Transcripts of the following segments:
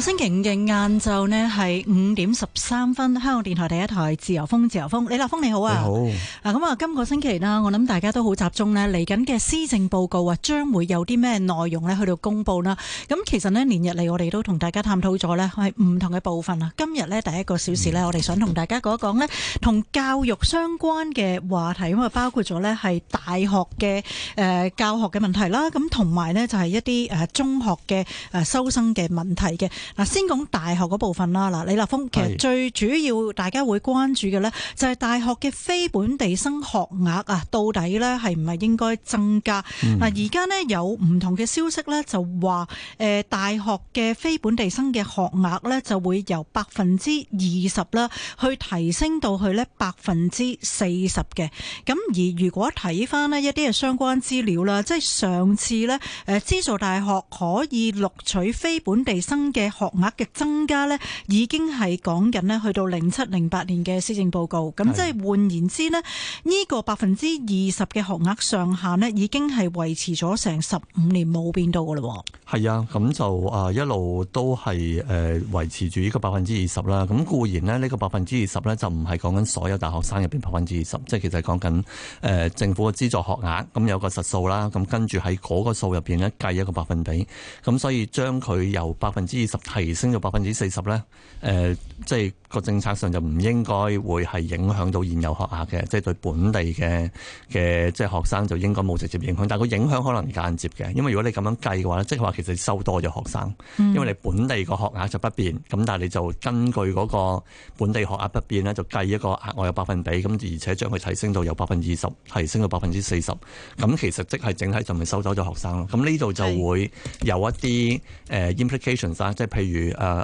星期五嘅晏晝呢，係五點十三分，香港電台第一台自由風，自由風，李立峰你好啊！好嗱，咁啊，今個星期呢，我諗大家都好集中呢，嚟緊嘅施政報告啊，將會有啲咩內容呢去到公布啦。咁其實呢，連日嚟我哋都同大家探討咗呢係唔同嘅部分啊。今日呢，第一個小時呢，我哋想同大家講一講呢同教育相關嘅話題咁啊，包括咗呢係大學嘅誒、呃、教學嘅問題啦，咁同埋呢，就係、是、一啲誒、呃、中學嘅誒收生嘅問題嘅。嗱，先講大學嗰部分啦。嗱，李立峰其實最主要大家會關注嘅呢，就係大學嘅非本地生學額啊，到底呢係唔係應該增加？嗱、嗯，而家呢，有唔同嘅消息呢，就話大學嘅非本地生嘅學額呢，就會由百分之二十啦，去提升到去呢百分之四十嘅。咁而如果睇返呢一啲嘅相關資料啦，即係上次呢，誒資助大學可以錄取非本地生嘅。學額嘅增加呢，已經係講緊咧去到零七零八年嘅施政報告，咁即係換言之咧，呢、這個百分之二十嘅學額上限呢，已經係維持咗成十五年冇變到噶啦。係啊，咁就啊一路都係誒維持住呢個百分之二十啦。咁固然呢，呢個百分之二十呢，就唔係講緊所有大學生入邊百分之二十，即係其實係講緊誒政府嘅資助學額，咁有一個實數啦。咁跟住喺嗰個數入邊咧計一個百分比，咁所以將佢由百分之二十。提升到百分之四十咧，誒，即係個政策上就唔應該會係影響到現有學額嘅，即係對本地嘅嘅即係學生就應該冇直接影響，但係個影響可能間接嘅，因為如果你咁樣計嘅話咧，即係話其實收多咗學生，因為你本地個學額就不變，咁但係你就根據嗰個本地學額不變咧，就計一個額外嘅百分比，咁而且將佢提升到由百分之二十提升到百分之四十，咁其實即係整體就咪收走咗學生咯，咁呢度就會有一啲誒 implications 即係。譬如誒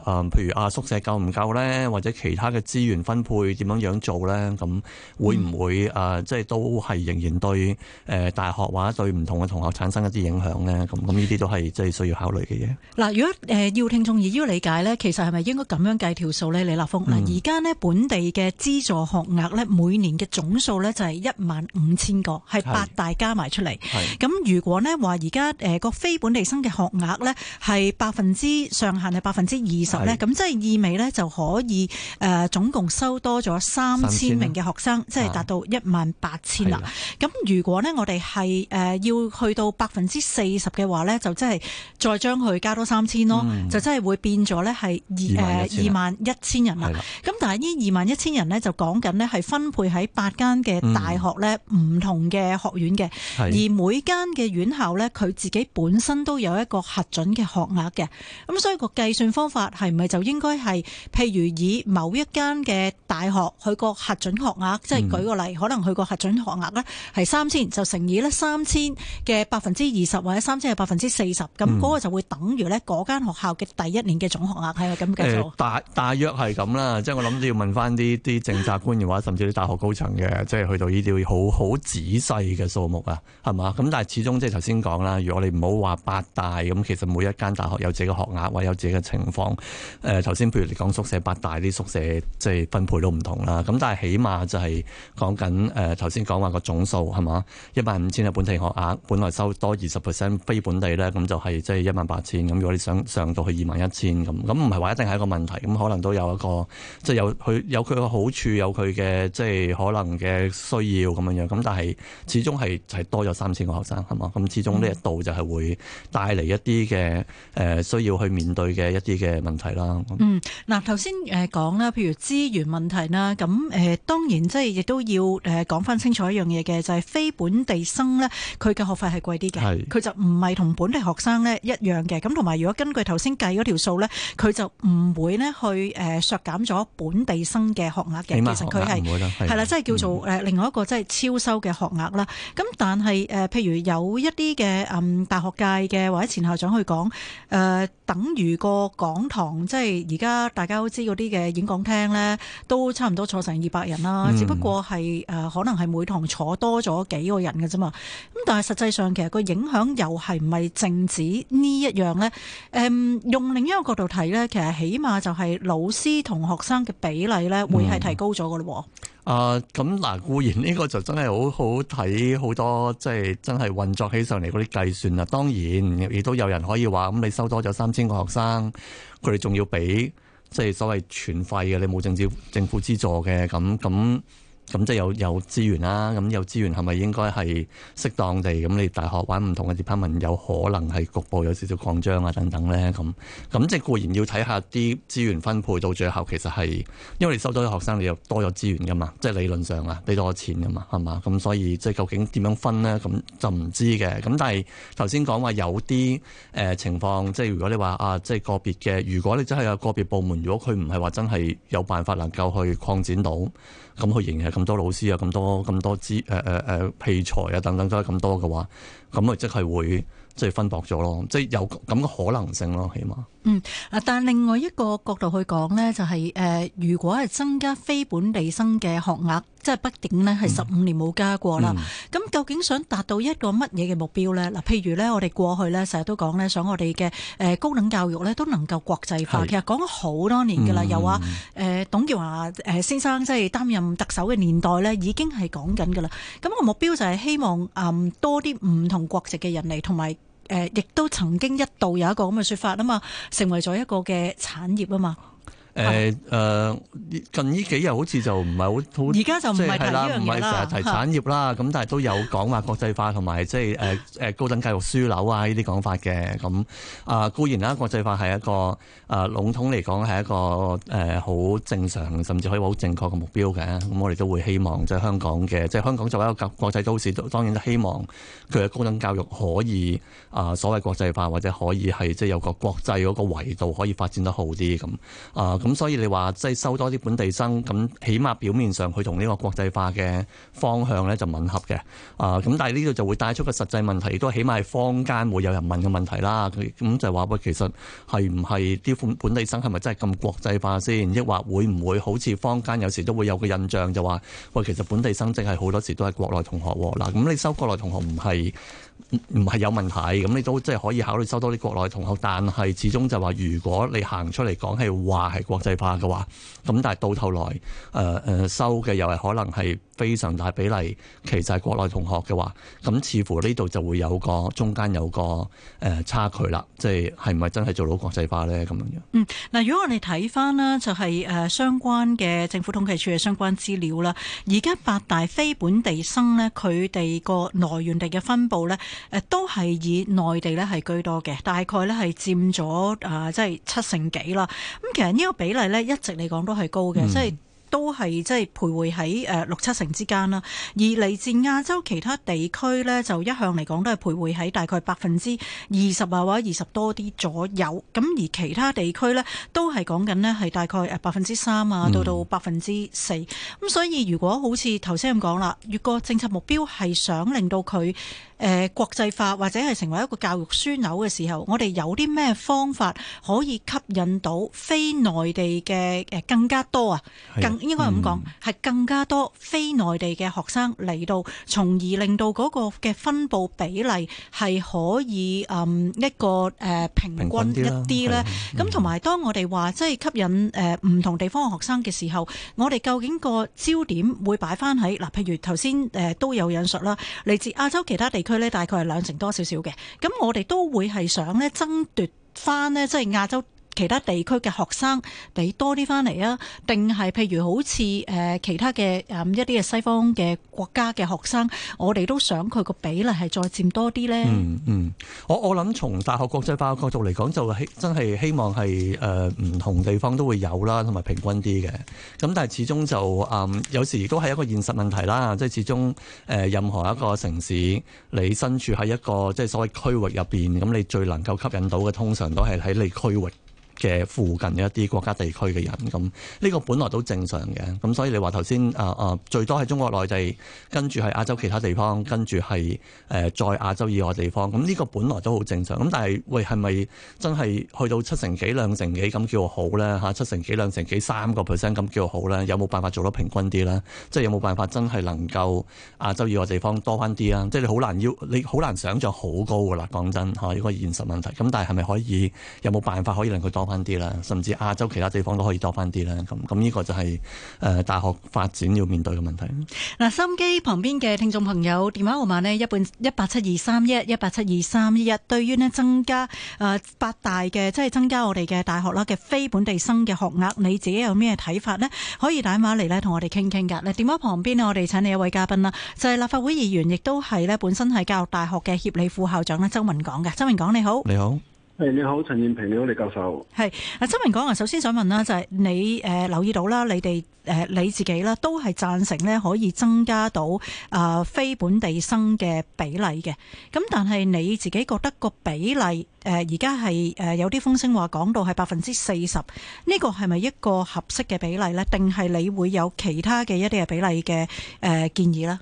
誒譬如啊，宿舍夠唔夠咧，或者其他嘅資源分配點樣樣做咧，咁會唔會誒即係都係仍然對誒大學或者對唔同嘅同學產生一啲影響咧？咁咁呢啲都係即係需要考慮嘅嘢。嗱，如果誒、呃、要聽眾而要理解咧，其實係咪應該咁樣計條數咧？李立峰，嗱，而家咧本地嘅資助學額咧，每年嘅總數咧就係一萬五千個係八大加埋出嚟。咁如果咧話而家誒個非本地生嘅學額咧係百分之上限。百分之二十咧，咁即係意味咧，就可以誒、呃、總共收多咗三千名嘅學生，啊、即係達到一萬八千啦。咁如果咧，我哋係誒要去到百分之四十嘅話咧，就真係再將佢加多三千咯，就真係會變咗咧係二誒二萬一千人啦。咁但係呢二萬一千人咧，就講緊呢，係分配喺八間嘅大學咧唔同嘅學院嘅、嗯，而每間嘅院校咧，佢自己本身都有一個核准嘅學額嘅，咁所以個計計算方法係唔係就應該係，譬如以某一間嘅大學去個核准學額，嗯、即係舉個例，可能去個核准學額呢，係三千，就乘以呢三千嘅百分之二十或者三千嘅百分之四十，咁、那、嗰個就會等於呢嗰間學校嘅第一年嘅總學額係啊咁計咗。大大約係咁啦，即 係我諗要問翻啲啲政策官員或者甚至啲大學高層嘅，即係去到呢啲好好仔細嘅數目啊，係嘛？咁但係始終即係頭先講啦，如果你唔好話八大咁，其實每一間大學有自己學額或者有自己。嘅情況誒頭先譬如你講宿舍八大啲宿舍，即係分配都唔同啦。咁但係起碼就係講緊誒頭先講話個總數係嘛，一萬五千嘅本地學額本來收多二十 percent 非本地咧，咁就係即係一萬八千。咁如果你想上到去二萬一千咁，咁唔係話一定係一個問題，咁可能都有一個即係、就是、有佢有佢嘅好處有佢嘅即係可能嘅需要咁樣樣咁但係始終係係多咗三千個學生係嘛。咁始終呢一度就係會帶嚟一啲嘅誒需要去面對嘅。一啲嘅問題啦。嗯，嗱，頭先誒講啦，譬如資源問題啦，咁誒當然即係亦都要誒講翻清楚一樣嘢，嘅就係、是、非本地生咧，佢嘅學費係貴啲嘅，佢就唔係同本地學生咧一樣嘅。咁同埋如果根據頭先計嗰條數咧，佢就唔會咧去誒削減咗本地生嘅學額嘅。其實佢係會啦，係啦，即係叫做誒另外一個即係超收嘅學額啦。咁、嗯、但係誒譬如有一啲嘅嗯大學界嘅或者前校長去講誒等於個。個講堂即係而家大家都知嗰啲嘅演講廳呢，都差唔多坐成二百人啦，嗯。只不過係誒、呃，可能係每堂坐多咗幾個人嘅啫嘛。咁但係實際上其實個影響又係唔係淨止呢一樣呢？誒、嗯，用另一個角度睇呢，其實起碼就係老師同學生嘅比例呢，會係提高咗噶咯。嗯啊，uh，咁嗱，固然呢個就真係好好睇好多，即係真係運作起上嚟嗰啲計算啦。當然亦都有人可以話咁，你收多咗三千個學生，佢哋仲要俾即係所謂全費嘅，你冇政治政府資助嘅咁咁。咁即係有有資源啦、啊，咁有資源係咪應該係適當地咁？你大學玩唔同嘅 department 有可能係局部有少少擴張啊，等等咧，咁咁即係固然要睇下啲資源分配到最後其實係因為你收到啲學生，你又多咗資源噶嘛，即係理論上啊，俾多錢噶嘛，係嘛？咁所以即係究竟點樣分咧？咁就唔知嘅。咁但係頭先講話有啲誒、呃、情況，即係如果你話啊，即係個別嘅，如果你真係有個別部門，如果佢唔係話真係有辦法能夠去擴展到，咁佢仍然。咁多老師啊，咁多咁多資誒誒誒器材啊等等都係咁多嘅話，咁啊即係會。即、就是、分薄咗咯，即、就、係、是、有咁嘅可能性咯，起碼。嗯但係另外一個角度去講呢，就係、是呃、如果係增加非本地生嘅學額，即係畢竟呢係十五年冇加過啦。咁、嗯嗯、究竟想達到一個乜嘢嘅目標呢？嗱、呃，譬如呢，我哋過去呢，成日都講呢，想我哋嘅高等教育呢，都能夠國際化。其實講咗好多年㗎啦，又、嗯、話、啊嗯、董建華誒先生即係擔任特首嘅年代呢，已經係講緊㗎啦。咁、那個目標就係希望、嗯、多啲唔同國籍嘅人嚟，同埋，誒，亦都曾經一度有一個咁嘅說法啊嘛，成為咗一個嘅產業啊嘛。誒、欸呃、近呢幾日好似就唔係好好，而家就唔係啦。唔係成日提產業啦，咁但係都有講話國際化同埋即係誒高等教育樞紐啊呢啲講法嘅。咁啊、呃、固然啦，國際化係一個啊籠、呃、統嚟講係一個誒好、呃、正常，甚至可以好正確嘅目標嘅。咁我哋都會希望即係香港嘅，即、就、係、是、香港作為一個國際都市，都當然希望佢嘅高等教育可以啊、呃、所謂國際化或者可以係即係有個國際嗰個維度可以發展得好啲咁啊。呃咁所以你話即係收多啲本地生，咁起碼表面上佢同呢個國際化嘅方向咧就吻合嘅啊。咁但係呢度就會帶出個實際問題，都係起碼係坊間會有人問嘅問題啦。咁就話喂，其實係唔係啲本地生係咪真係咁國際化先？抑或會唔會好似坊間有時都會有個印象就話喂，其實本地生淨係好多時都係國內同學嗱。咁你收國內同學唔係？唔係有問題，咁你都即係可以考慮收多啲國內同學，但係始終就話如果你行出嚟講係話係國際化嘅話，咁但係到頭來誒、呃、收嘅又係可能係。非常大比例，其實係國內同學嘅話，咁似乎呢度就會有個中間有個誒、呃、差距啦，即係係唔係真係做到國際化咧咁樣樣？嗯，嗱，如果我哋睇翻咧，就係、是、誒相關嘅政府統計處嘅相關資料啦。而家八大非本地生呢，佢哋個來源地嘅分佈呢，誒都係以內地呢係居多嘅，大概呢係佔咗啊，即、呃、係、就是、七成幾啦。咁其實呢個比例呢，一直嚟講都係高嘅，即、嗯、係。都係即係徘徊喺誒六七成之間啦，而嚟自亞洲其他地區呢，就一向嚟講都係徘徊喺大概百分之二十啊或者二十多啲左右。咁而其他地區呢，都係講緊呢係大概誒百分之三啊到到百分之四。咁、嗯、所以如果好似頭先咁講啦，越過政策目標係想令到佢，誒、呃、國際化或者係成為一個教育樞紐嘅時候，我哋有啲咩方法可以吸引到非內地嘅誒、呃、更加多啊？更應該咁講，係、嗯、更加多非內地嘅學生嚟到，從而令到嗰個嘅分布比例係可以嗯一個誒、呃、平均一啲咧。咁同埋當我哋話即係吸引誒唔同地方嘅學生嘅時候，我哋究竟個焦點會擺翻喺嗱？譬如頭先誒都有引述啦，嚟自亞洲其他地。佢咧大概係兩成多少少嘅，咁我哋都會係想咧爭奪翻咧，即係亞洲其他地區嘅學生俾多啲翻嚟啊，定係譬如好似誒其他嘅、嗯、一啲嘅西方嘅國家嘅學生，我哋都想佢個比例係再佔多啲呢？嗯嗯，我我諗從大學國際化角度嚟講，就希真係希望係誒唔同地方都會有啦，同埋平均啲嘅。咁但係始終就誒、呃、有時都係一個現實問題啦。即係始終、呃、任何一個城市，你身處喺一個即係所謂區域入邊，咁你最能夠吸引到嘅，通常都係喺你區域。嘅附近嘅一啲國家地區嘅人咁，呢個本來都正常嘅。咁所以你話頭先啊啊，最多係中國內地，跟住係亞洲其他地方，跟住係誒在亞洲以外地方。咁呢個本來都好正常。咁但係喂，係咪真係去到七成幾兩成幾咁叫好咧？吓、啊、七成幾兩成幾三個 percent 咁叫好咧？有冇辦法做得平均啲咧？即、就、係、是、有冇辦法真係能夠亞洲以外地方多翻啲、就是、啊？即係你好難要你好難想象好高噶啦，講真吓呢個現實問題，咁但係係咪可以有冇辦法可以令佢多翻啲啦，甚至亞洲其他地方都可以多翻啲啦。咁咁呢個就係、是、誒、呃、大學發展要面對嘅問題。嗱，收音機旁邊嘅聽眾朋友，電話號碼呢，一本一八七二三一一八七二三一。對於咧增加誒、呃、八大嘅，即係增加我哋嘅大學啦嘅非本地生嘅學額，你自己有咩睇法呢？可以打電話嚟咧同我哋傾傾噶。嗱，電話旁邊呢，我哋請你一位嘉賓啦，就係、是、立法會議員，亦都係咧本身係教育大學嘅協理副校長咧，周文港嘅。周文港你好，你好。係你好，陳燕平你好，李教授。係啊，周文港啊，首先想問啦，就係、是、你誒、呃、留意到啦，你哋誒、呃、你自己啦，都係贊成呢可以增加到啊、呃、非本地生嘅比例嘅。咁但係你自己覺得個比例誒而家係誒有啲風聲話講到係百分之四十，呢個係咪一個合適嘅比例呢？定係你會有其他嘅一啲嘅比例嘅誒、呃、建議啦。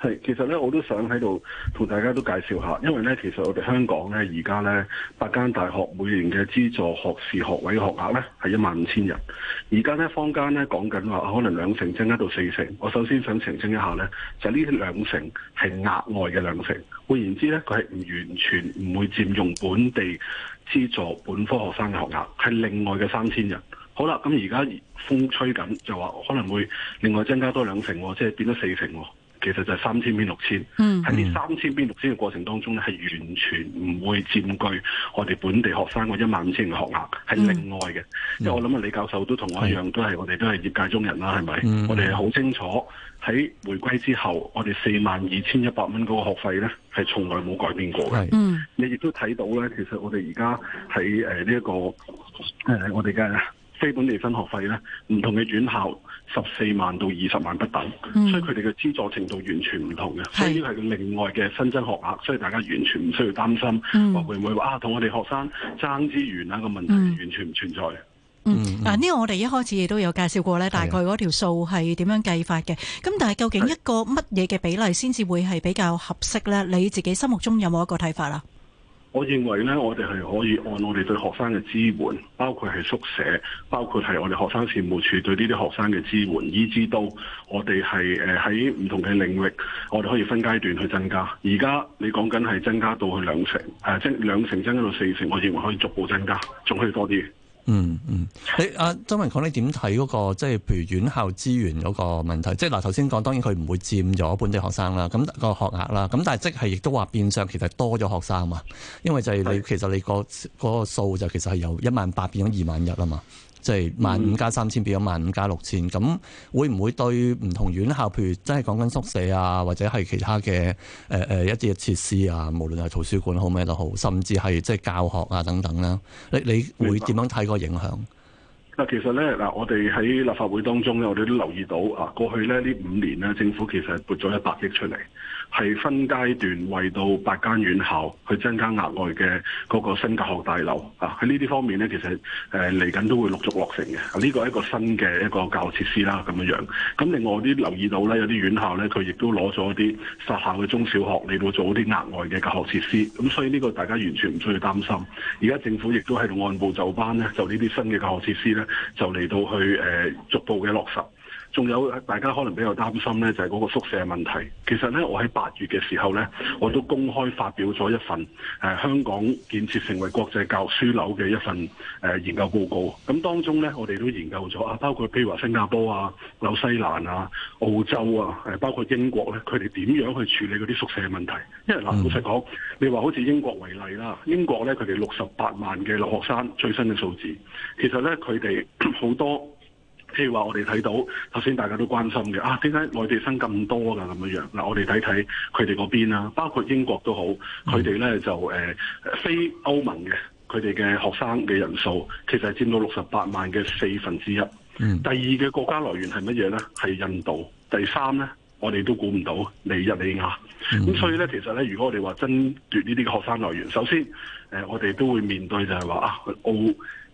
係，其實咧我都想喺度同大家都介紹下，因為咧其實我哋香港咧而家咧八間大學每年嘅資助學士學位學額咧係一萬五千人，而家咧坊間咧講緊話可能兩成增加到四成，我首先想澄清一下咧，就係呢啲兩成係額外嘅兩成，換言之咧佢係唔完全唔會佔用本地資助本科學生嘅學額，係另外嘅三千人。好啦，咁而家風吹緊就話可能會另外增加多兩成，即係變咗四成。其實就係三千變六千，喺呢三千變六千嘅過程當中咧，係完全唔會佔據我哋本地學生嗰一萬五千嘅學額，係另外嘅。因、嗯、為我諗啊，李教授都同我一樣，是都係我哋都係業界中人啦，係咪、嗯？我哋好清楚喺回歸之後，我哋四萬二千一百蚊嗰個學費咧，係從來冇改變過嘅。你亦都睇到咧，其實我哋而家喺誒呢一個誒、呃，我哋嘅非本地分學費咧，唔同嘅院校。十四萬到二十萬不等，嗯、所以佢哋嘅資助程度完全唔同嘅，呢啲係另外嘅新增學額，所以大家完全唔需要擔心，嗯、會唔會話啊同我哋學生爭資源啊個問題完全唔存在嗯，嗱、嗯、呢、嗯，這個我哋一開始亦都有介紹過呢，大概嗰條數係點樣計法嘅。咁但係究竟一個乜嘢嘅比例先至會係比較合適呢？你自己心目中有冇一個睇法啦？我認為咧，我哋係可以按我哋對學生嘅支援，包括係宿舍，包括係我哋學生事務處對呢啲學生嘅支援，以至到我哋係喺唔同嘅領域，我哋可以分階段去增加。而家你講緊係增加到去兩成，誒、啊，增兩成增加到四成，我認為可以逐步增加，仲可以多啲。嗯嗯，你啊周文講，你點睇嗰個即係，譬如院校資源嗰個問題，即係嗱頭先講，當然佢唔會佔咗本地學生啦，咁、個學額啦，咁但係即係亦都話變相其實多咗學生嘛，因為就係你其實你、個嗰、個數就其實係由一萬八變咗二萬一啦嘛。即係萬五加三千變咗萬五加六千，咁會唔會對唔同院校，譬如真係講緊宿舍啊，或者係其他嘅誒誒一啲嘅設施啊，無論係圖書館好咩都好，甚至係即係教學啊等等啦，你你會點樣睇個影響？嗱，其實咧嗱，我哋喺立法會當中咧，我哋都留意到啊，過去咧呢五年咧，政府其實係撥咗一百億出嚟。係分階段為到八間院校去增加額外嘅嗰個新教學大樓啊。喺呢啲方面咧，其實誒嚟緊都會陸續落成嘅。呢個係一個新嘅一個教學設施啦，咁樣樣。咁另外啲留意到咧，有啲院校咧，佢亦都攞咗啲殺校嘅中小學嚟到做一啲額外嘅教學設施。咁所以呢個大家完全唔需要擔心。而家政府亦都喺度按部就班咧，就呢啲新嘅教學設施咧，就嚟到去誒逐步嘅落實。仲有大家可能比較擔心呢，就係、是、嗰個宿舍的問題。其實呢，我喺八月嘅時候呢，我都公開發表咗一份誒、呃、香港建設成為國際教育樞紐嘅一份、呃、研究報告，告。咁當中呢，我哋都研究咗啊，包括譬如話新加坡啊、紐西蘭啊、澳洲啊，包括英國呢，佢哋點樣去處理嗰啲宿舍問題？因為嗱、嗯，老實講，你話好似英國為例啦，英國呢，佢哋六十八萬嘅留學生最新嘅數字，其實呢，佢哋好多。譬如話，我哋睇到，頭先大家都關心嘅啊，點解內地生咁多噶咁樣嗱、啊，我哋睇睇佢哋嗰邊啦，包括英國都好，佢哋咧就、呃、非歐盟嘅，佢哋嘅學生嘅人數其實係佔到六十八萬嘅四分之一。嗯、第二嘅國家來源係乜嘢咧？係印度。第三咧，我哋都估唔到尼日利亞咁、嗯、所以咧，其實咧，如果我哋話爭奪呢啲嘅學生來源，首先、呃、我哋都會面對就係話啊，澳、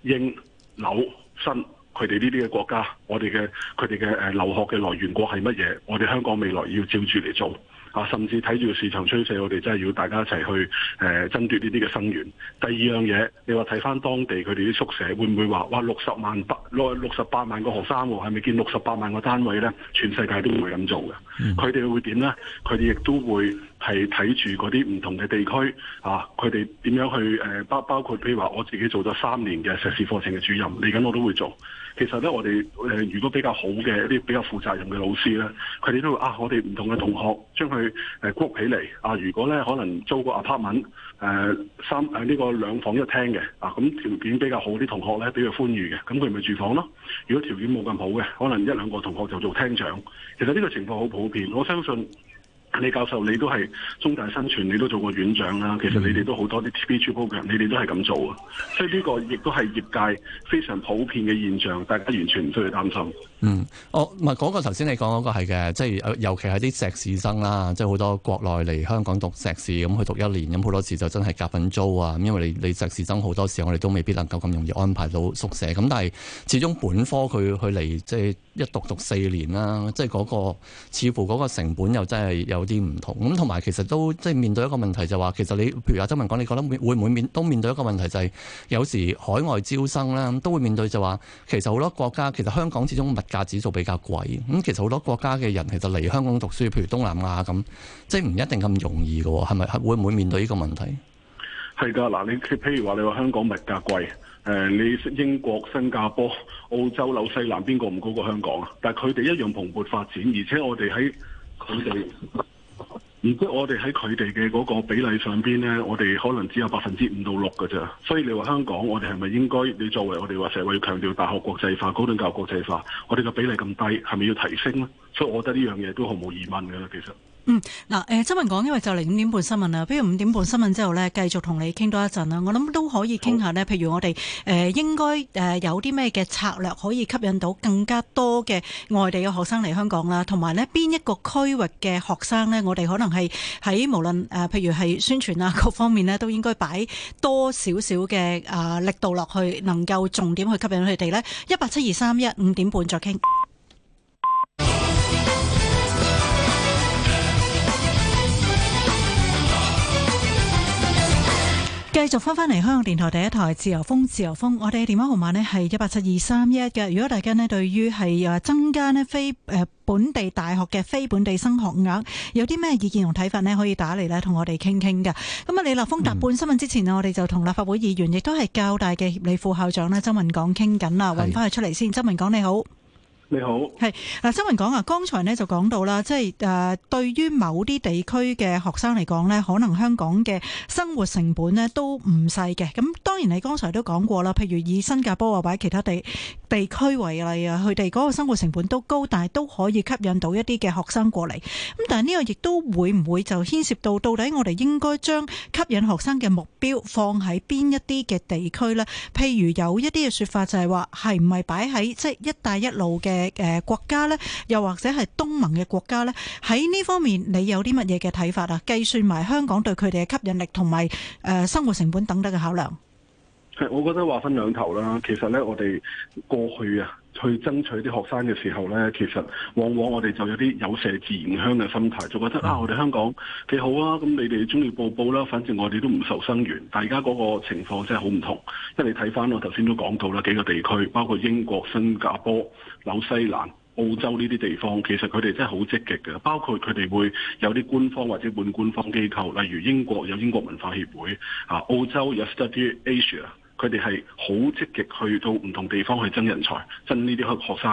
英、紐、新。佢哋呢啲嘅國家，我哋嘅佢哋嘅誒留學嘅來源國係乜嘢？我哋香港未來要照住嚟做啊！甚至睇住市場趨勢，我哋真係要大家一齊去誒、呃、爭奪呢啲嘅生源。第二樣嘢，你話睇翻當地佢哋啲宿舍會唔會話哇六十萬六十八萬個學生喎，係咪見六十八萬個單位呢？全世界都唔會咁做嘅，佢、mm. 哋會點呢？佢哋亦都會係睇住嗰啲唔同嘅地區啊，佢哋點樣去誒包、呃、包括譬如話我自己做咗三年嘅碩士課程嘅主任，嚟緊我都會做。其實咧，我哋、呃、如果比較好嘅一啲比較負責任嘅老師咧，佢哋都會啊，我哋唔同嘅同學將佢谷起嚟啊。如果咧可能租個 apartment 誒、呃、三誒呢、啊呢個兩房一廳嘅啊，咁條件比較好啲同學咧比較寬裕嘅，咁佢咪住房咯。如果條件冇咁好嘅，可能一兩個同學就做廳長。其實呢個情況好普遍，我相信。李教授，你都係中大生存，你都做過院長啦。其實你哋都好多啲 t b e 嘅人，嗯、你哋都係咁做啊。所以呢個亦都係業界非常普遍嘅現象，大家完全唔需要擔心。嗯，我唔係嗰個頭先你講嗰個係嘅，即係尤其係啲碩士生啦，即係好多國內嚟香港讀碩士咁，佢讀一年咁好多時就真係夾份租啊。因為你你碩士生好多時我哋都未必能夠咁容易安排到宿舍咁，但係始終本科佢佢嚟即係一讀讀四年啦，即係、那、嗰個似乎嗰個成本又真係有啲唔同咁，同埋其實都即係面對一個問題，就話其實你，譬如阿周文港講，你覺得會唔會面都面對一個問題，就係有時海外招生啦，都會面對就話，其實好多國家，其實香港始終物價指數比較貴，咁其實好多國家嘅人其實嚟香港讀書，譬如東南亞咁，即係唔一定咁容易嘅，係咪？會唔會面對呢個問題？係噶，嗱，你譬如話你話香港物價貴，誒，你英國、新加坡、澳洲、紐西蘭，邊個唔高過香港啊？但係佢哋一樣蓬勃發展，而且我哋喺佢哋，唔知我哋喺佢哋嘅嗰個比例上邊咧，我哋可能只有百分之五到六㗎啫。所以你話香港，我哋係咪應該？你作為我哋話社會要強調大學國際化、高等教育國際化，我哋嘅比例咁低，係咪要提升咧？所以我覺得呢樣嘢都毫無疑問㗎啦，其實。嗯，嗱、呃，誒，周文港，因為就嚟五點半新聞啦，不如五點半新聞之後咧，繼續同你傾多一陣啦。我諗都可以傾下咧，譬如我哋誒、呃、應該誒有啲咩嘅策略可以吸引到更加多嘅外地嘅學生嚟香港啦，同埋咧邊一個區域嘅學生咧，我哋可能係喺無論誒、呃、譬如係宣傳啊各方面咧，都應該擺多少少嘅、呃、力度落去，能夠重點去吸引佢哋咧。一八七二三一五點半再傾。繼續翻翻嚟，香港電台第一台自由風，自由風，我哋嘅電話號碼咧係一八七二三一嘅。如果大家呢對於係增加呢非誒本地大學嘅非本地生學額，有啲咩意見同睇法呢？可以打嚟咧同我哋傾傾嘅。咁啊，李立峰答半新聞之前呢、嗯，我哋就同立法會議員，亦都係教大嘅協理副校長呢，周文港傾緊啦，搵翻佢出嚟先。周文港你好。你好，係嗱，周文港啊，剛才呢就講到啦，即係誒，對於某啲地區嘅學生嚟講呢，可能香港嘅生活成本呢都唔細嘅。咁當然你剛才都講過啦，譬如以新加坡啊或者其他地地區為例啊，佢哋嗰個生活成本都高，但係都可以吸引到一啲嘅學生過嚟。咁但係呢個亦都會唔會就牽涉到到底我哋應該將吸引學生嘅目標放喺邊一啲嘅地區呢？譬如有一啲嘅說法就係話，係唔係擺喺即係一帶一路嘅？嘅誒，國家咧，又或者係東盟嘅國家咧，喺呢方面你有啲乜嘢嘅睇法啊？計算埋香港對佢哋嘅吸引力同埋誒生活成本等等嘅考量？我覺得話分兩頭啦。其實咧，我哋過去啊。去爭取啲學生嘅時候呢，其實往往我哋就有啲有麝自然香嘅心態，就覺得啊，我哋香港幾好啊，咁你哋鍾意報報啦，反正我哋都唔愁生源。大家嗰個情況真係好唔同，因為你睇翻我頭先都講到啦，幾個地區包括英國、新加坡、紐西蘭、澳洲呢啲地方，其實佢哋真係好積極嘅，包括佢哋會有啲官方或者半官方機構，例如英國有英國文化協會，啊，澳洲有 Study Asia。佢哋係好積極去到唔同地方去爭人才、爭呢啲學生，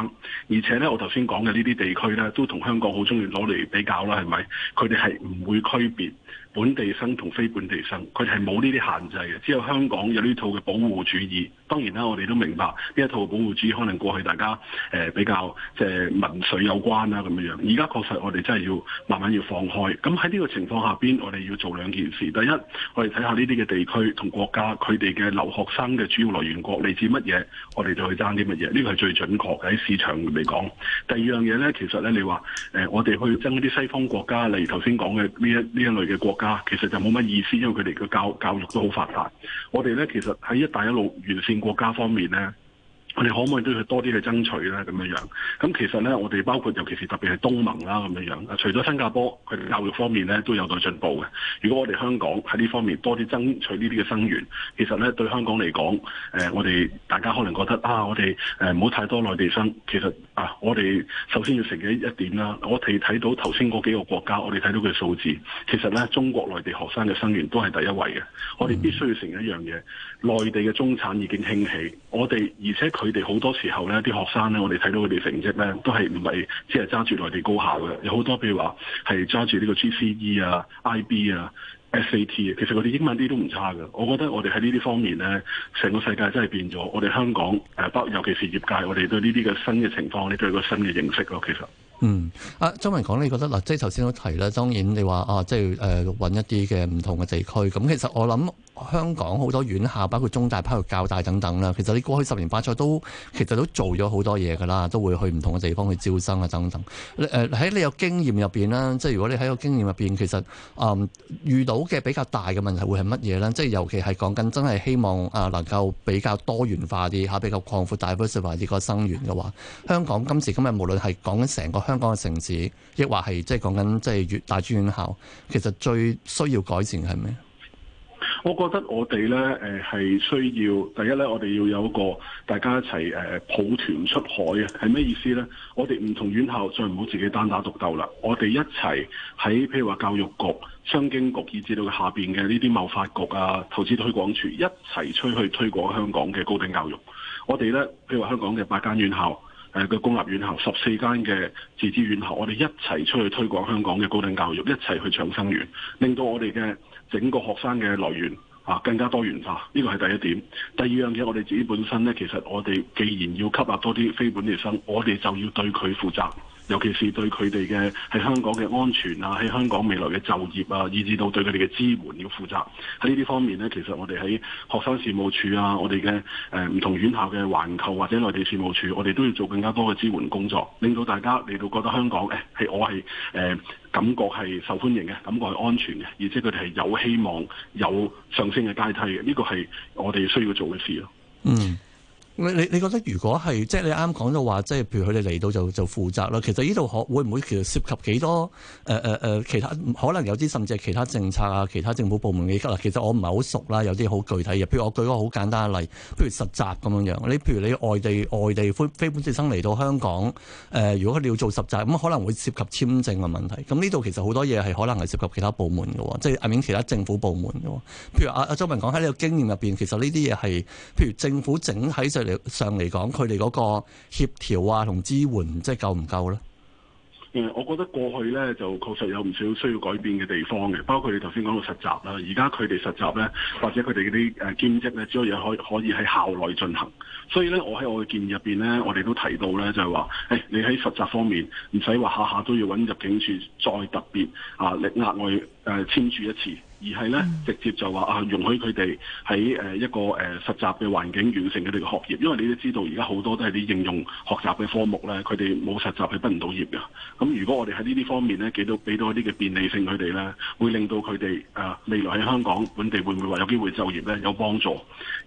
而且咧，我頭先講嘅呢啲地區咧，都同香港好鍾意攞嚟比較啦，係咪？佢哋係唔會區別本地生同非本地生，佢哋係冇呢啲限制嘅，只有香港有呢套嘅保護主義。當然啦、啊，我哋都明白呢一套保護主義可能過去大家誒、呃、比較即係、呃、民粹有關啦咁樣樣。而家確實我哋真係要慢慢要放開。咁喺呢個情況下邊，我哋要做兩件事。第一，我哋睇下呢啲嘅地區同國家佢哋嘅留學生嘅主要來源國嚟自乜嘢，我哋就去爭啲乜嘢。呢個係最準確嘅喺市場嚟講。第二樣嘢呢，其實呢，你話、呃、我哋去爭啲西方國家，例如頭先講嘅呢一呢一類嘅國啊，其實就冇乜意思，因為佢哋嘅教教育都好發達。我哋咧其實喺一帶一路完善國家方面咧。我哋 可唔可以都要多啲去爭取咧？咁樣樣咁其實咧，我哋包括尤其是特別係東盟啦咁樣樣。啊，除咗新加坡，佢教育方面咧都有待進步嘅。如果我哋香港喺呢方面多啲爭取呢啲嘅生源，其實咧對香港嚟講，誒、呃、我哋大家可能覺得啊，我哋唔好太多內地生。其實啊，我哋首先要承嘅一點承認一點啦，我哋睇到頭先嗰幾個國家，我哋睇到嘅數字，其實咧中國內地學生嘅生源都係第一位嘅。我哋必須要承認一樣嘢，內地嘅中產已經興起，我哋而且佢哋好多時候咧，啲學生咧，我哋睇到佢哋成績咧，都係唔係即係揸住內地高考嘅，有好多譬如話係揸住呢個 GCE 啊、IB 啊、SAT 嘅，其實佢哋英文啲都唔差㗎。我覺得我哋喺呢啲方面咧，成個世界真係變咗。我哋香港誒，包尤其是業界，我哋對呢啲嘅新嘅情況，都有個新嘅認識咯，其實。嗯，啊，周文港你覺得嗱，即係頭先都提啦。當然你話啊，即係誒揾一啲嘅唔同嘅地區，咁其實我諗香港好多院校，包括中大、包括教大等等啦。其實你過去十年八載都，其實都做咗好多嘢㗎啦，都會去唔同嘅地方去招生啊，等等。誒、呃、喺你有經驗入面啦，即係如果你喺個經驗入面，其實啊、呃、遇到嘅比較大嘅問題會係乜嘢咧？即係尤其係講緊真係希望啊能夠比較多元化啲嚇，比較擴闊 diversity 個生源嘅話，香港今時今日無論係講緊成個香香港嘅城市，亦或係即係講緊即係越大專院校，其實最需要改善係咩？我覺得我哋咧，誒係需要第一咧，我哋要有一個大家一齊誒抱團出海啊，係咩意思咧？我哋唔同院校再唔好自己單打獨鬥啦，我哋一齊喺譬如話教育局、商經局，以至到下邊嘅呢啲貿發局啊、投資推廣處一齊出去推廣香港嘅高等教育。我哋咧，譬如話香港嘅八間院校。誒個公立院校十四間嘅自治院校，我哋一齊出去推廣香港嘅高等教育，一齊去搶生源，令到我哋嘅整個學生嘅來源啊更加多元化。呢個係第一點。第二樣嘢，我哋自己本身呢，其實我哋既然要吸引多啲非本地生，我哋就要對佢負責。尤其是對佢哋嘅喺香港嘅安全啊，喺香港未來嘅就業啊，以至到對佢哋嘅支援要負責。喺呢啲方面呢，其實我哋喺學生事務處啊，我哋嘅誒唔同院校嘅環球或者內地事務處，我哋都要做更加多嘅支援工作，令到大家嚟到覺得香港誒係、哎、我係誒、呃、感覺係受歡迎嘅，感覺係安全嘅，而且佢哋係有希望有上升嘅階梯嘅，呢個係我哋需要做嘅事啊。嗯。你你你覺得如果係即係你啱啱講咗話，即係譬如佢哋嚟到就就負責啦。其實呢度可會唔會其實涉及幾多誒誒誒其他？可能有啲甚至係其他政策啊，其他政府部門嘅。其實我唔係好熟啦，有啲好具體嘅。譬如我舉個好簡單嘅例，譬如實習咁樣樣。你譬如你外地外地非非本地生嚟到香港，誒、呃，如果你要做實習，咁可能會涉及簽證嘅問題。咁呢度其實好多嘢係可能係涉及其他部門嘅，即係 I mean 其他政府部門嘅。譬如阿阿周文港講喺呢個經驗入邊，其實呢啲嘢係譬如政府整體上上嚟講，佢哋嗰個協調啊同支援，即係夠唔夠咧？誒、嗯，我覺得過去咧就確實有唔少需要改變嘅地方嘅，包括你頭先講到實習啦，而家佢哋實習咧，或者佢哋嗰啲誒兼職咧，只可以可可以喺校內進行。所以咧，我喺我嘅建議入邊咧，我哋都提到咧就係話，誒，你喺實習方面唔使話下下都要揾入境處再特別啊力額外誒簽注一次。而係咧，直接就話啊，容許佢哋喺誒一個誒、呃、實習嘅環境完成佢哋嘅學業，因為你都知道而家好多都係啲應用學習嘅科目咧，佢哋冇實習係畢唔到業㗎。咁如果我哋喺呢啲方面咧，俾到俾到一啲嘅便利性佢哋咧，會令到佢哋啊未來喺香港本地會唔會話有機會就業咧？有幫助。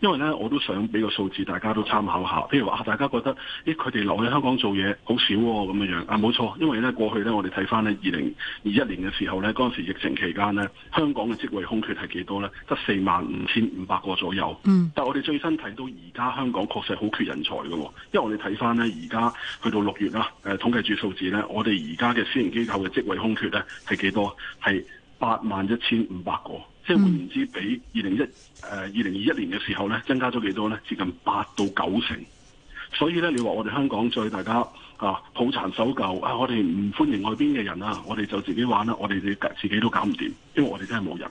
因為咧，我都想俾個數字大家都參考一下。譬如話啊，大家覺得誒佢哋留喺香港做嘢好少喎、哦，咁樣樣啊，冇錯。因為咧過去咧，我哋睇翻咧二零二一年嘅時候咧，嗰陣時疫情期間咧，香港嘅。職位空缺係幾多呢？得四萬五千五百個左右。嗯，但係我哋最新睇到而家香港確實好缺人才嘅。因為我哋睇返呢，而家去到六月啦，誒、呃，統計住數字呢，我哋而家嘅私營機構嘅職位空缺呢，係幾多？係八萬一千五百個。即係換言之，比二零一誒二零二一年嘅時候呢，增加咗幾多呢？接近八到九成。所以呢，你話我哋香港再大家。啊！抱殘守舊啊！我哋唔歡迎外邊嘅人啊！我哋就自己玩啦、啊！我哋自己都搞唔掂，因為我哋真係冇人。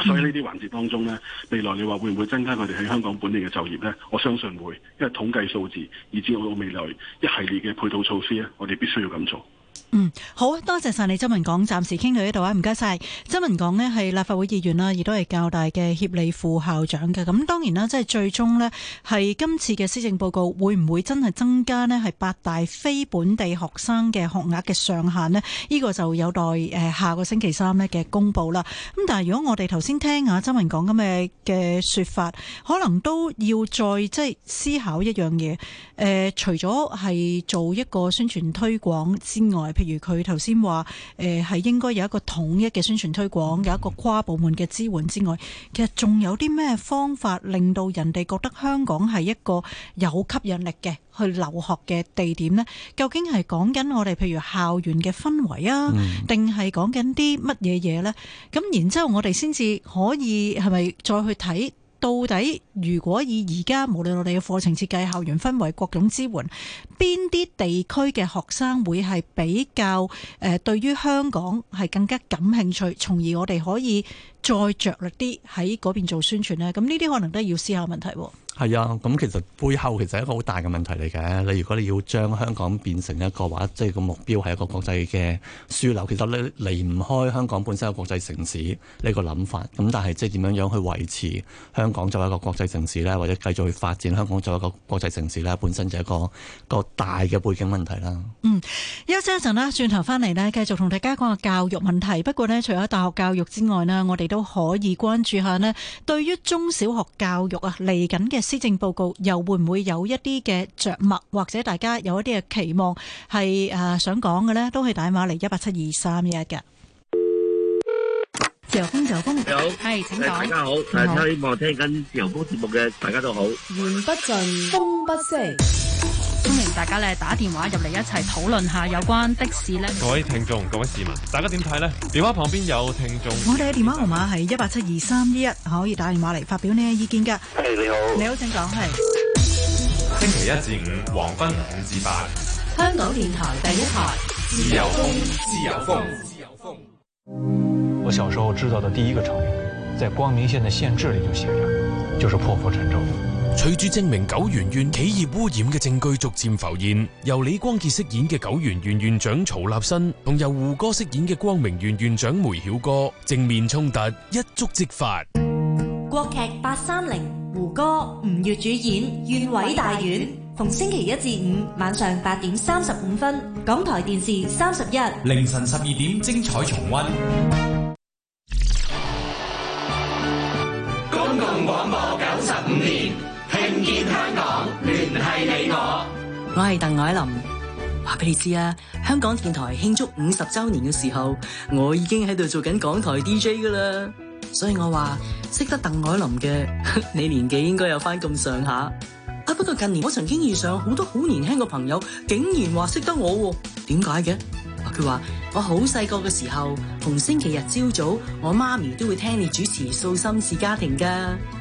所以呢啲環節當中呢，未來你話會唔會增加我哋喺香港本地嘅就業呢？我相信會，因為統計數字，以至我未來一系列嘅配套措施呢，我哋必須要咁做。嗯，好多謝晒你，你，周文港暫時傾到呢度啊，唔該晒。周文港呢係立法會議員啦，亦都係教大嘅協理副校長嘅。咁當然啦，即係最終呢係今次嘅施政報告會唔會真係增加呢？係八大非本地學生嘅學額嘅上限呢？呢、這個就有待誒下個星期三呢嘅公佈啦。咁但係如果我哋頭先聽下周文港咁嘅嘅說法，可能都要再即係思考一樣嘢。誒、呃，除咗係做一個宣傳推廣之外，如佢頭先話，誒、呃、係應該有一個統一嘅宣傳推廣，有一個跨部門嘅支援之外，其實仲有啲咩方法令到人哋覺得香港係一個有吸引力嘅去留學嘅地點呢？究竟係講緊我哋譬如校園嘅氛圍啊，定係講緊啲乜嘢嘢呢？咁然之後我哋先至可以係咪再去睇？到底如果以而家無論我哋嘅課程設計、校園分為各種支援，邊啲地區嘅學生會係比較誒，對於香港係更加感興趣，從而我哋可以再着力啲喺嗰邊做宣傳咧？咁呢啲可能都要思考問題。係啊，咁其實背後其實係一個好大嘅問題嚟嘅。你如果你要將香港變成一個話，即係個目標係一個國際嘅樞紐，其實你離唔開香港本身嘅國際城市呢個諗法。咁但係即係點樣樣去維持香港作為一個國際城市呢？或者繼續去發展香港作為一個國際城市呢？本身就係一個一個大嘅背景問題啦。嗯，休息一陣啦，轉頭翻嚟呢，繼續同大家講下教育問題。不過呢，除咗大學教育之外呢，我哋都可以關注下呢對於中小學教育啊嚟緊嘅。施政報告又會唔會有一啲嘅着墨，或者大家有一啲嘅期望係誒想講嘅咧？都係打埋嚟，一八七二三一一嘅。自由風自由風，你好，係請講。大家好，係聽希望聽緊自由風節目嘅大家都好。言不盡，風不息。大家咧打電話入嚟一齊討論下有關的事咧，各位聽眾、各位市民，大家點睇咧？電話旁邊有聽眾，我哋嘅電話號碼係一八七二三一一，可以打電話嚟發表你嘅意見噶係你好，你好，請講。係星期一至五黃昏五至八，香港電台第一台自，自由風，自由風，自由風。我小時候知道的第一個成語，在光明縣的縣志裏就寫着，就是破釜沉舟。隨住證明九元縣企業污染嘅證據逐漸浮現，由李光潔飾演嘅九元縣縣長曹立新，同由胡歌飾演嘅光明縣縣長梅曉歌正面衝突一觸即發國劇 830,。國劇八三零，胡歌、吳越主演，縣委大院，逢星期一至五晚上八點三十五分，港台電視三十一，凌晨十二點精彩重温。我係鄧藹霖，話俾你知啊，香港電台慶祝五十周年嘅時候，我已經喺度做緊港台 DJ 噶啦，所以我話識得鄧藹霖嘅，你年紀應該有翻咁上下啊。不過近年我曾經遇上好多好年輕嘅朋友，竟然話識得我，點解嘅？佢話我好細個嘅時候，逢星期日朝早，我媽咪都會聽你主持《訴心事家庭》噶。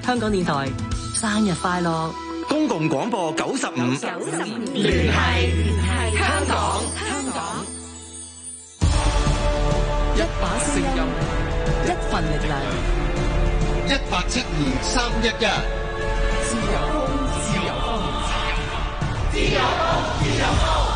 香港電台，生日快樂！公共廣播九十五，聯繫，係，係香港，香港，一把聲音一，一份力量，一八七二三一一，自由風，自由風，自由風，自由風。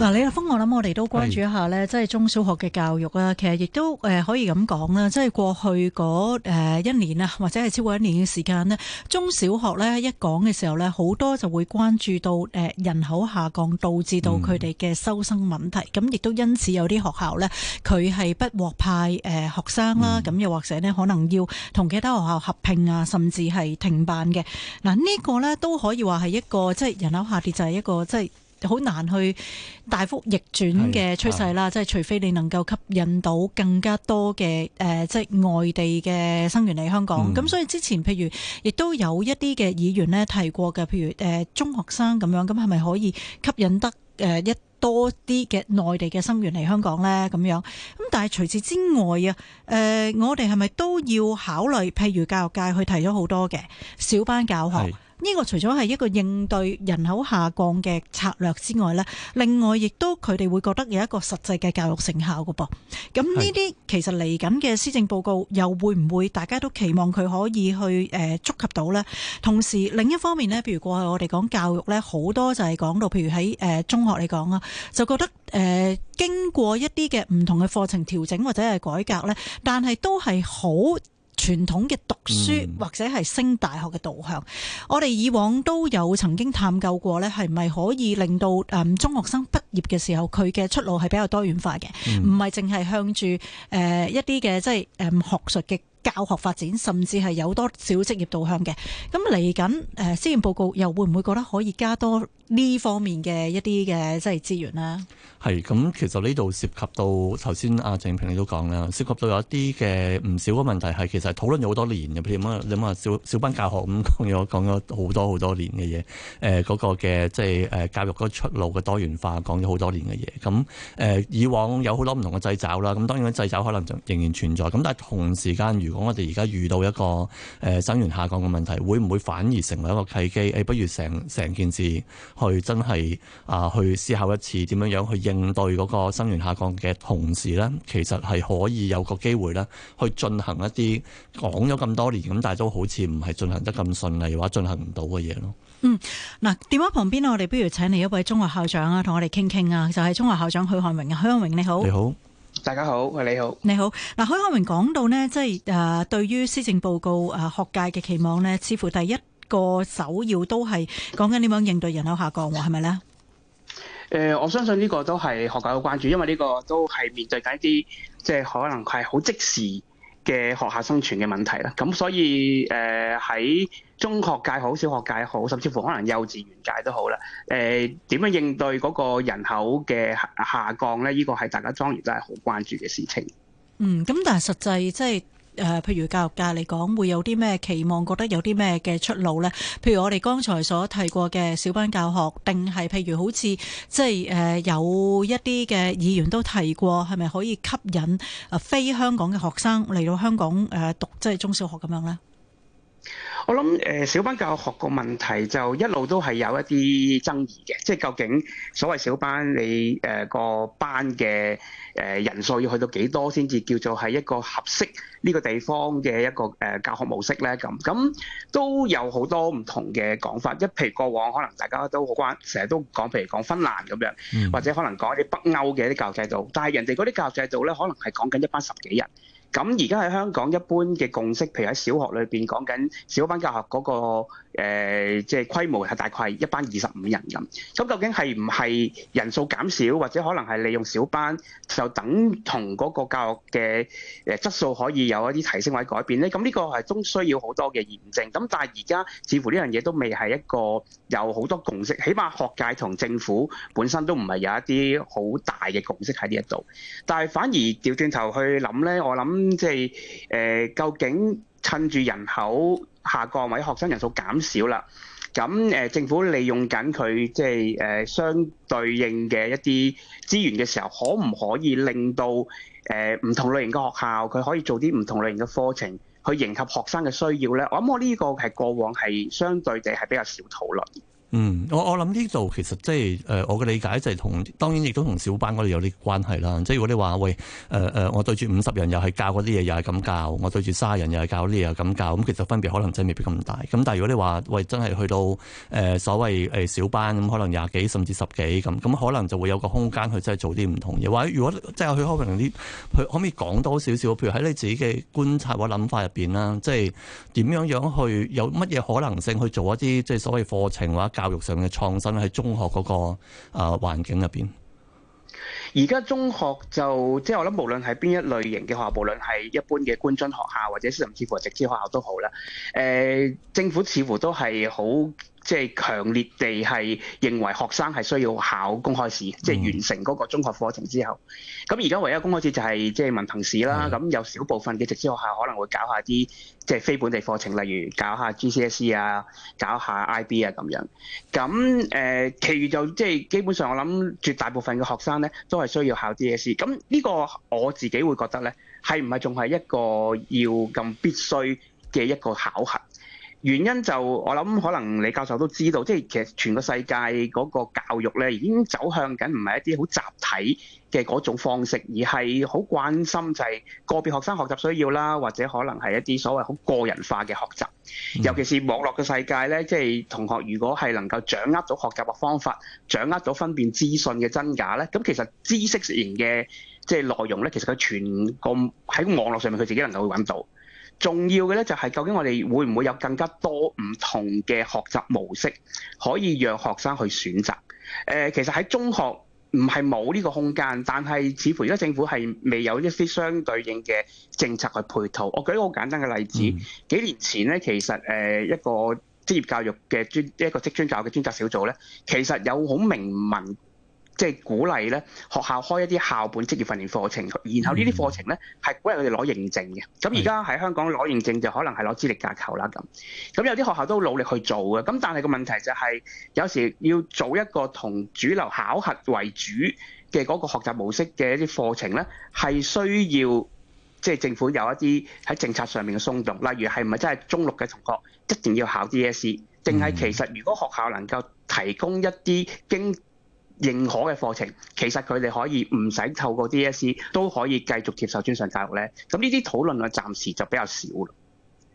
嗱，李立峰，我諗我哋都關注一下呢。即係中小學嘅教育啦。其實亦都誒可以咁講啦，即係過去嗰誒一年啊，或者係超過一年嘅時間呢，中小學呢一講嘅時候呢，好多就會關注到誒人口下降導致到佢哋嘅收生問題。咁亦都因此有啲學校呢，佢係不獲派誒學生啦。咁、嗯、又或者呢，可能要同其他學校合併啊，甚至係停辦嘅。嗱，呢個呢都可以話係一個即係人口下跌就係一個即係好難去大幅逆轉嘅趨勢啦、啊，即係除非你能夠吸引到更加多嘅、呃、即係外地嘅生源嚟香港。咁、嗯、所以之前譬如亦都有一啲嘅議員呢提過嘅，譬如、呃、中學生咁樣，咁係咪可以吸引得、呃、一多啲嘅內地嘅生源嚟香港呢？咁樣咁，但係除此之外啊、呃，我哋係咪都要考慮？譬如教育界去提咗好多嘅小班教學。呢個除咗係一個應對人口下降嘅策略之外呢，另外亦都佢哋會覺得有一個實際嘅教育成效嘅噃。咁呢啲其實嚟緊嘅施政報告又會唔會大家都期望佢可以去誒觸及到呢？同時另一方面呢，譬如過去我哋講教育呢，好多就係講到譬如喺中學嚟講啊，就覺得誒、呃、經過一啲嘅唔同嘅課程調整或者係改革呢，但係都係好傳統嘅讀書或者係升大學嘅導向，嗯、我哋以往都有曾經探究過呢係咪可以令到誒中學生畢業嘅時候佢嘅出路係比較多元化嘅，唔係淨係向住誒一啲嘅即係學術嘅教學發展，甚至係有多少職業導向嘅。咁嚟緊誒，施政報告又會唔會覺得可以加多？呢方面嘅一啲嘅即係資源啦，係咁，其實呢度涉及到頭先阿鄭平你都講啦，涉及到有一啲嘅唔少嘅問題係其實討論咗好多年嘅，譬如啊，啊，小小班教學咁講咗講咗好多好多年嘅嘢，嗰、呃嗰個嘅即係教育嗰出路嘅多元化講咗好多年嘅嘢，咁、嗯呃、以往有好多唔同嘅掣肘啦，咁當然嘅掣肘可能就仍然存在，咁但係同時間如果我哋而家遇到一個誒、呃、生源下降嘅問題，會唔會反而成為一個契機、哎？不如成成件事。去真係啊，去思考一次點樣樣去應對嗰個生源下降嘅同時呢，其實係可以有個機會呢，去進行一啲講咗咁多年咁，但係都好似唔係進行得咁順利嘅話，進行唔到嘅嘢咯。嗯，嗱，電話旁邊我哋不如請嚟一位中學校長啊，同我哋傾傾啊，就係、是、中學校長許漢榮啊，許漢榮你好，你好，大家好，喂你好，你好。嗱，許漢榮講到呢，即係誒對於施政報告誒、呃、學界嘅期望呢，似乎第一。個首要都係講緊點樣應對人口下降，係咪咧？誒、呃，我相信呢個都係學界好關注，因為呢個都係面對緊一啲即係可能係好即時嘅學校生存嘅問題啦。咁所以誒喺、呃、中學界好、小學界好，甚至乎可能幼稚園界都好啦。誒、呃，點樣應對嗰個人口嘅下降咧？呢、這個係大家當然都係好關注嘅事情。嗯，咁但係實際即係。誒、呃，譬如教育界嚟講，會有啲咩期望？覺得有啲咩嘅出路呢？譬如我哋剛才所提過嘅小班教學，定係譬如好似即係誒、呃、有一啲嘅議員都提過，係咪可以吸引非香港嘅學生嚟到香港誒、呃、讀即係中小學咁樣呢？我諗誒小班教學個問題就一路都係有一啲爭議嘅，即係究竟所謂小班你誒個班嘅誒人數要去到幾多先至叫做係一個合適呢個地方嘅一個誒教學模式咧？咁咁都有好多唔同嘅講法。一譬如過往可能大家都好關，成日都講譬如講芬蘭咁樣，或者可能講啲北歐嘅啲教育制度，但係人哋嗰啲教育制度咧，可能係講緊一班十幾人。咁而家喺香港一般嘅共識，譬如喺小學裏邊講緊小班教學嗰個，誒，即係規模係大概係一班二十五人咁。咁究竟係唔係人數減少，或者可能係利用小班就等同嗰個教育嘅誒質素可以有一啲提升或者改變咧？咁呢個係都需要好多嘅驗證，咁但係而家似乎呢樣嘢都未係一個有好多共識，起碼學界同政府本身都唔係有一啲好大嘅共識喺呢一度。但係反而調轉頭去諗咧，我諗。即係誒，究竟趁住人口下降或者學生人數減少啦，咁誒、呃、政府利用緊佢即係誒、呃、相對應嘅一啲資源嘅時候，可唔可以令到誒唔、呃、同類型嘅學校佢可以做啲唔同類型嘅課程去迎合學生嘅需要咧？我諗我呢個係過往係相對地係比較少討論。嗯，我我諗呢度其實即係誒，我嘅理解就係同，當然亦都同小班嗰度有啲關係啦。即係如果你話喂，誒誒、呃，我對住五十人又係教嗰啲嘢，又係咁教；我對住卅人又係教嗰啲嘢，又咁教。咁其實分別可能真係未必咁大。咁但係如果你話喂，真係去到誒、呃、所謂誒小班咁，可能廿幾甚至十幾咁，咁可能就會有個空間去真係做啲唔同嘢。或者如果即係去可明啲，佢可唔可以講多少少？譬如喺你自己嘅觀察或者諗法入邊啦，即係點樣樣去有乜嘢可能性去做一啲即係所謂課程話？教育上嘅創新喺中學嗰個、呃、環境入邊。而家中學就即係我諗無論係邊一類型嘅學校，無論係一般嘅官津學校或者甚至乎係直資學校都好啦。誒、呃、政府似乎都係好即係強烈地係認為學生係需要考公開試，即係完成嗰個中學課程之後，咁而家唯一公開試就係、是、即係文憑試啦。咁有少部分嘅直資學校可能會搞下啲即係非本地課程，例如搞下 GCSE 啊、搞下 IB 啊咁樣，咁誒、呃、其餘就即係基本上我諗絕大部分嘅學生咧都係。需要考 DSE，咁呢個我自己會覺得咧，係唔係仲係一個要咁必須嘅一個考核？原因就我諗可能李教授都知道，即係其實全個世界嗰個教育咧，已經走向緊唔係一啲好集體嘅嗰種方式，而係好關心就係個別學生學習需要啦，或者可能係一啲所謂好個人化嘅學習，尤其是網絡嘅世界咧，即係同學如果係能夠掌握到學習嘅方法，掌握咗分辨資訊嘅真假咧，咁其實知識型嘅即係內容咧，其實，佢全個喺網絡上面佢自己能夠會揾到。重要嘅咧就係究竟我哋會唔會有更加多唔同嘅學習模式，可以讓學生去選擇？呃，其實喺中學唔係冇呢個空間，但係似乎而家政府係未有一啲相對應嘅政策去配套。我舉一個好簡單嘅例子，嗯，幾年前咧，其實一個職業教育嘅專一個職專教育嘅專責小組咧，其實有好明文。即係鼓勵咧，學校開一啲校本職業訓練課程，然後呢啲課程咧係鼓勵佢哋攞認證嘅。咁而家喺香港攞認證就可能係攞資歷架構啦咁。咁有啲學校都努力去做嘅。咁但係個問題就係，有時要做一個同主流考核為主嘅嗰個學習模式嘅一啲課程咧，係需要即係政府有一啲喺政策上面嘅鬆動。例如係唔係真係中六嘅同學一定要考 DSE，定係其實如果學校能夠提供一啲經認可嘅課程，其實佢哋可以唔使透過 DSE 都可以繼續接受專上教育咧。咁呢啲討論啊，暫時就比較少啦。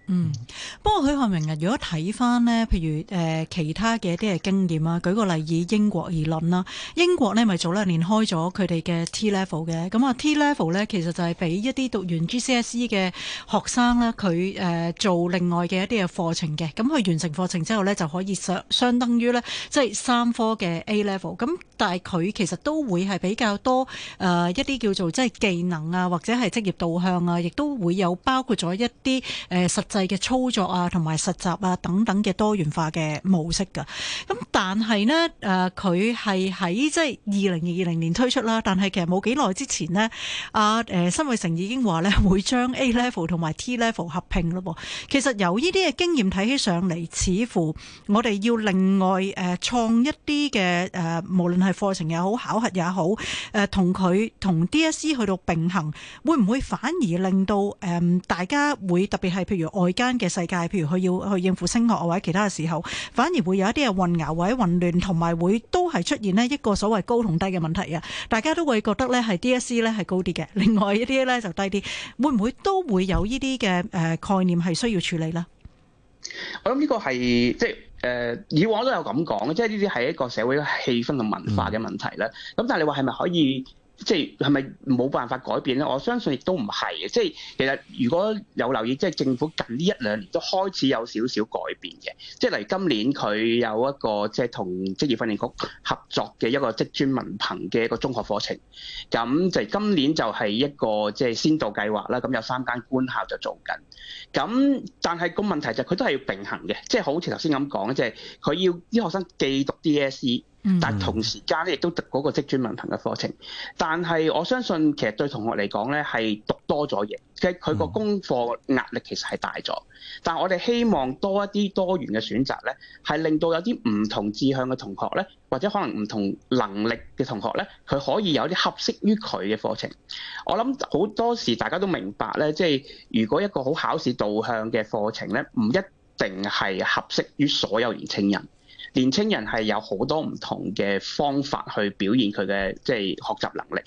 嗯，不過許漢榮啊，如果睇翻呢，譬如誒、呃、其他嘅一啲嘅經驗啊，舉個例以英國而論啦，英國呢咪、就是、早兩年開咗佢哋嘅 T level 嘅，咁啊 T level 呢其實就係俾一啲讀完 GCSE 嘅學生呢，佢誒、呃、做另外嘅一啲嘅課程嘅，咁佢完成課程之後呢，就可以相相當於呢，即、就、係、是、三科嘅 A level，咁但係佢其實都會係比較多誒、呃、一啲叫做即係技能啊，或者係職業導向啊，亦都會有包括咗一啲誒、呃、實制嘅操作啊，同埋實習啊等等嘅多元化嘅模式噶。咁但係呢，誒佢係，喺即係二零二零年推出啦。但係其實冇幾耐之前呢，阿誒辛偉誠已經話咧會將 A level 同埋 T level 合併咯。其實由呢啲嘅經驗睇起上嚟，似乎我哋要另外誒創一啲嘅誒，無論係課程又好，考核也好，誒同佢同 DSE 去到並行，會唔會反而令到誒、呃、大家會特別係譬如每間嘅世界，譬如佢要去應付升學或者其他嘅時候，反而會有一啲嘅混淆或者混亂，同埋會都係出現呢一個所謂高同低嘅問題啊！大家都會覺得咧係 D S C 咧係高啲嘅，另外一啲咧就低啲，會唔會都會有呢啲嘅誒概念係需要處理咧？我諗呢個係即係誒以往都有咁講嘅，即係呢啲係一個社會嘅氣氛同文化嘅問題啦。咁、嗯、但係你話係咪可以？即係係咪冇辦法改變咧？我相信亦都唔係嘅。即係其實如果有留意，即係政府近呢一兩年都開始有少少改變嘅。即係例如今年佢有一個即係同職業訓練局合作嘅一個職專文憑嘅一個中學課程。咁就係今年就係一個即係先導計劃啦。咁有三間官校就做緊。咁但係個問題就係佢都係要並行嘅。即係好似頭先咁講，即係佢要啲學生既讀 DSE。但同時間咧，亦都讀嗰個職專文憑嘅課程。但係我相信，其實對同學嚟講咧，係讀多咗嘢，即係佢個功課壓力其實係大咗。但我哋希望多一啲多元嘅選擇咧，係令到有啲唔同志向嘅同學咧，或者可能唔同能力嘅同學咧，佢可以有啲合適於佢嘅課程。我諗好多時大家都明白咧，即係如果一個好考試導向嘅課程咧，唔一定係合適於所有年輕人。年青人係有好多唔同嘅方法去表現佢嘅即係學習能力。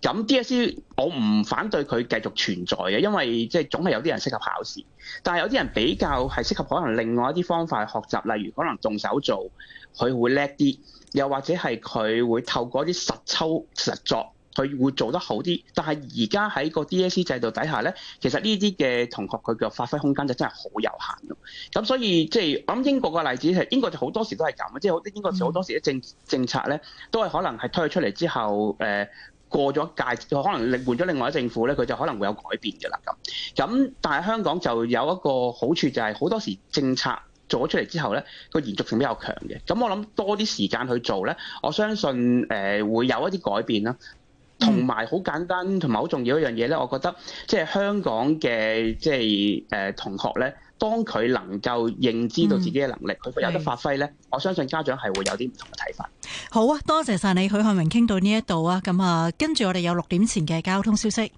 咁 DSE 我唔反對佢繼續存在嘅，因為即係總係有啲人適合考試，但係有啲人比較係適合可能另外一啲方法去學習，例如可能動手做，佢會叻啲，又或者係佢會透過啲實操實作。佢會做得好啲，但係而家喺個 DSE 制度底下咧，其實呢啲嘅同學佢嘅發揮空間就真係好有限咯。咁所以即係、就是、我諗英國個例子係英國就好多時都係咁嘅，即係好啲英國好多時啲政政策咧都係可能係推出嚟之後，呃、過咗屆，可能換咗另外一政府咧，佢就可能會有改變㗎啦。咁咁但係香港就有一個好處就係、是、好多時政策做咗出嚟之後咧，個延續性比較強嘅。咁我諗多啲時間去做咧，我相信誒、呃、會有一啲改變啦。同埋好簡單，同埋好重要的一樣嘢咧，我覺得即係香港嘅即係誒、呃、同學咧，當佢能夠認知到自己嘅能力，佢、嗯、會有得發揮咧，我相信家長係會有啲唔同嘅睇法。好啊，多謝晒你許漢榮傾到呢一度啊，咁啊，跟住我哋有六點前嘅交通消息。